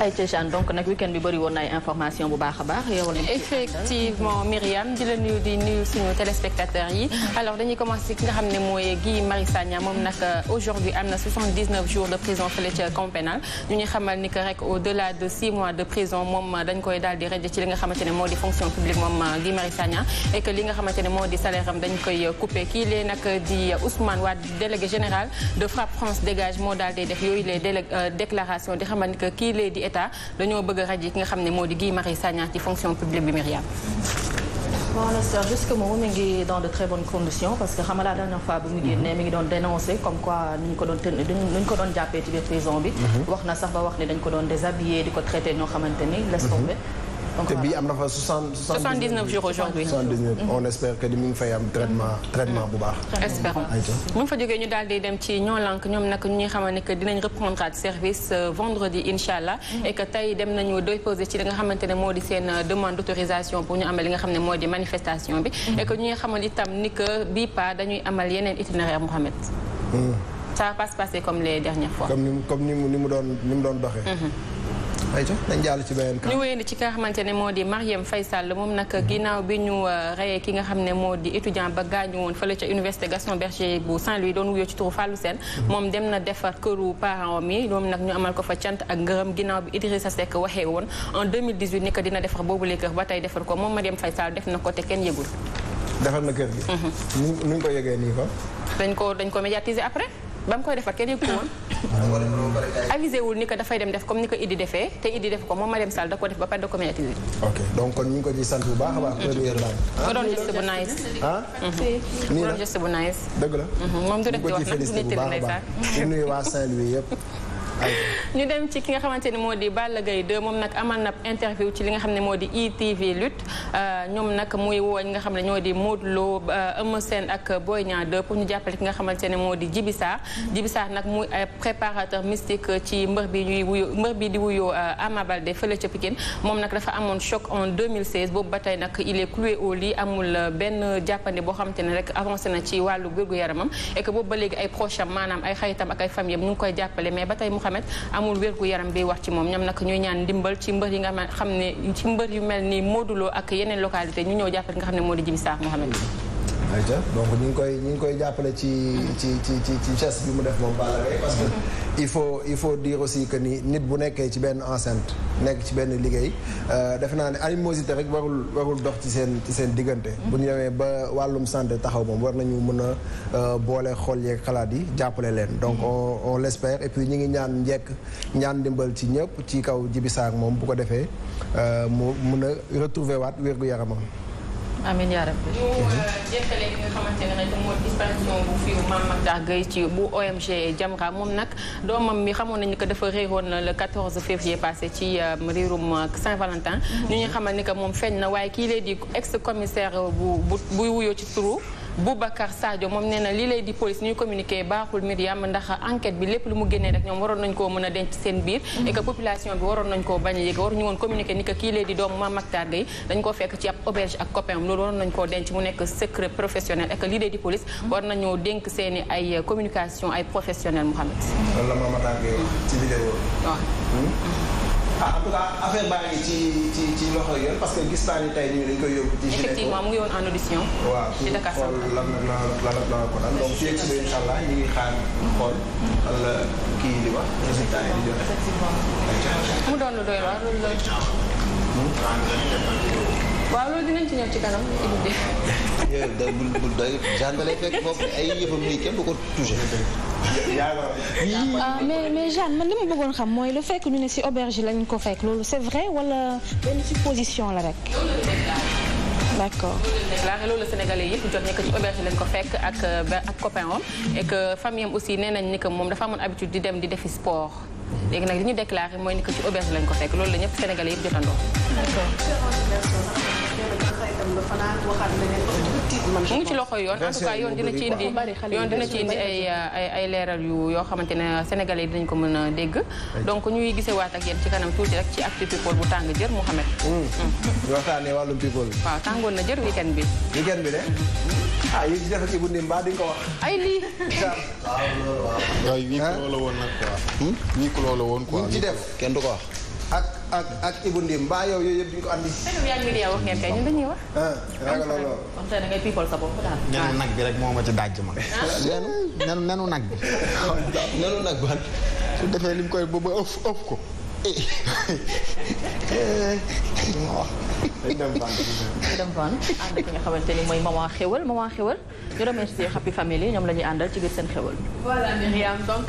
ay Tijane donc nag week-end bi bëri woon na ay information bu baax a baax yow effectivement Myriam di la nuyu di nuyu suñu téléspectateurs yi alors dañuy commencer ki nga xam ne mooy Guy Marius Sagna moom nag euh, aujourd'hui am na 79 jours de prison fële ca camp pénal ñu ñu xamal ni que rek au delà de 6 mois de prison moom dañ koy daal di rajo ci li nga xamante ne moo di fonction publique moom euh, Guy Marius Sagna et que li nga xamante ne moo di salaire am dañ koy euh, coupé kii lee nag di Ousmane Wade délégué général de FRAPP France Dégage moo daal di def yooyu les déclarations di xamal ni que kii lee di état dañoo bëgg a ki nga xam ne moo di Guy Marius Sagna ci fonction publique bi Myriam. bon Lester jusque moom mi ngi dans de très bonnes conditions parce que xam nga la dernière fois bu mu mhm. génnee mi ngi doon dénoncer comme quoi ni ñu ko doon ko doon jàppee ci biir prison bi. Mhm. wax na sax ba wax ne dañ ko doon déshabiller di ko traité ñoo xamante ni. laisse mhm. tomber te bii am na fa soixante soixante dix neuf jours aujourd'hui mhm. on espère que di mu ngi fay am traitement bu baax. espérons bu ñu fa jógee ñu daal di dem ci ñoo lànk ñoom nag ñi nga xam ne que dinañ reprendre ak service euh, vendredi incha allah. Mhm. et que tey dem nañu déposé ci li nga xamante ne moo di seen euh, demande d' autorisation pour ñu amal li nga xam ne moo di manifestation bi. Mhm. et que ñi nga xamal itam ni que bii pas dañuy amal yeneen itinéraire Mouhamed. ça va pas comme les dernières fois. comme comme ni mu mu doon ni doon doxee. ayca nañ jàll ci beneen cas ne moo di Marième Faye Sall moom nag ginnaaw bi ñu euh, reyee ki nga xam ne moo di étudiant ba gaañu woon fële ca université Gaston Berger bu Saint-Louis doon wuyoo ci turu Fallou Sène mhm. moom dem na defar këru parent mi moom nag ñu amal ko fa cant ak ngërëm ginnaaw bi Idrissa Seck waxee woon en 2018 dina defar boobu le ba tey defar ko moom Marième Faye Sall def na ko te kenn yëgul defar na kër gi mhm. nu ñu ko yëgee nii ko dañ ko ba mu koy defar kenn yëg ko woon avisé wul ni ko dafay dem def comme ni ko Idi defee te Idi def ko moom Mariam Sall da ko def ba par da ko médiatiser donc kon ñu ngi ko ciy sant bu baax a baax mm-hmm. première dame mu ah. doon geste bu nice ah mu mm-hmm. doon geste dëgg la mm-hmm. moom du def di wax nag du nettali ndeysaan ñu nuyu waa Saint-Louis yëpp ñu dem ci ki nga xamante ni moo di Balla Gaye 2 moom nag amal na interview ci li nga xam ne moo di ITV lutte euh, ñoom nag muy woo nga xam ne ñoo di Modou Lo euh, Eumeu Sène ak Boy ñaar 2 pour ñu jàppale ki nga xamante ne moo di Djibi Sarr nag muy préparateur mystique ci mbër bi ñuy wuyu mbër bi di wuyoo euh, Ama Baldé fële ca Pikine moom nag dafa amoon choc en 2016 boobu ba tey nag il est cloué au lit amul benn jàppandi boo xamante ne rek avancé na ci wàllu wérgu yaramam et que boobu ba léegi ay proche am maanaam ay xaritam ak ay famille ñu ngi koy jàppale mais ba tey tamit amul wérgu yaram bi wax ci moom ñoom nag ñuy ñaan ndimbal ci mbër yi nga xam ne ci mbër yu mel ni Modou ak yeneen localité ñu ñëw jàppale nga xam ne moo di Djibi Sarr Mohamed ayca donc ñu ngi koy ñu ngi koy jàppale ci ci ci ci ci geste bi mu def moom mm-hmm. il faut il faut dire aussi que ni nit bu nekkee ci benn enceinte nekk ci benn liggéey euh, defe naa ne animosité rek warul warul dox ci seen ci seen diggante mm-hmm. bu ñu demee ba wàllum santé taxaw moom war nañu mun a euh, boole xol yeeg xalaat yi jàppale leen donc mm-hmm. on on l'espère et puis ñu ngi ñaan njekk ñaan ndimbal ci ñëpp ci kaw jibisaak moom bu ko defee euh, mu mun a retrouver waat wér-gu-yaramam amiin yaa rabbi. ñu mhm. euh, jëkkale li nga xamante ne nag moo disparition bu fiiw Mame Mactar Gueye ci bu ONG Jamra moom nag doomam mi xamoon nañu ko dafa réeroon le 14 février passé ci euh, réerum Saint-Valentin. Mhm. ñu ñu xamal ni que moom feeñ na waaye kii lay di ex commissaire bu bu buy wuyoo ci turu. Boubacar Sadio moom nee na lii lay di police ñuy communiqué baaxul Myriam ndax enquête bi lépp lu mu génnee rek ñoom waroon nañ koo mën a denc seen biir mm-hmm. et que population bi waroon nañ koo bañ a yëg waruñu woon communiqué ni que kii lay di doomu Mame Mactar Gueye dañ koo fekk ci ab auberge ak copain am loolu waroon nañ koo denc mu nekk secret professionnel et que lii lay di police mm-hmm. war nañoo dénk seen ay communication ay professionnel Mouhamed. loolu la Mame Mactar Gueye Ah, en tout cas affaire baa ngi ci ci ci loxo yoon parce que gis naa ni tey ñu dañ koy yóbbu. ci effectivement mu ngi woon en audition. ci Dakar waaw pour xool lan la lan la ko dal donc fii ak suba incha allah ñu ngi xaar xool. lan la kii di wax résultat yi di joxe. effectivement mu doon lu doy waar loolu la. Hmm? dinañ ci ñëw ci kanam indi. yooyu da bul bul doy gendarme lay fekk ah, mais mais Jeanne man li bëggoon xam mooy le fekk ñu ne si auberge lañ ko fekk loolu c'est vrai wala benn supposition la rek. d'accord loolu loolu sénégalais yëpp jot nekk ci auberge lañ ko fekk ak ak copain am que famille aussi nee nañ ni que moom dafa amoon habitude di dem di defi sport léegi nag li ñu déclaré mooy ni que ci auberge lañ ko fekk loolu la ñëpp sénégalais yëpp jotandoo. d'accord. mu ngi ci loxo yoon en tout cas yoon dina ci indi yoon dina ci indi ay ay ay leeral yu yoo xamante ne sénégalais yi dinañ ko mën a dégg donc ñuy gisewaat ak yéen ci kanam tuuti rek ci actu people bu tàng jër Mouhamed ñu hmm. hmm. waxtaanee wàllum people waaw tàngoon na jër weekend bi weekend bi de hmm. ah yi ci defee ci bu mbaa di ko wax. ay lii. waaw waaw. woon nag quoi. ñii ko loola woon quoi. ñu ci def kenn du ko wax. ak ak Ibou Ndim mbaa yow yooyu yëpp duñ ko andi. xëy na yaa wax ngeen kay ñun dañuy wax. ragaloo ah, ah, lool. kon tey da ngay people sa bopp daal. nenu nag bi rek moo ma ci daj ma. Ah. nenu nenu nag bi. nenu nag ban su defee lim koy ba ba ëpp ëpp ko. dañ eh. eh. dem ban dañ dem ban ànd ak nga xamante ni mooy maman xewal maman xewal ñu remercier Happy Family ñoom la ñuy àndal ci biir seen xewal. voilà Myriam donc.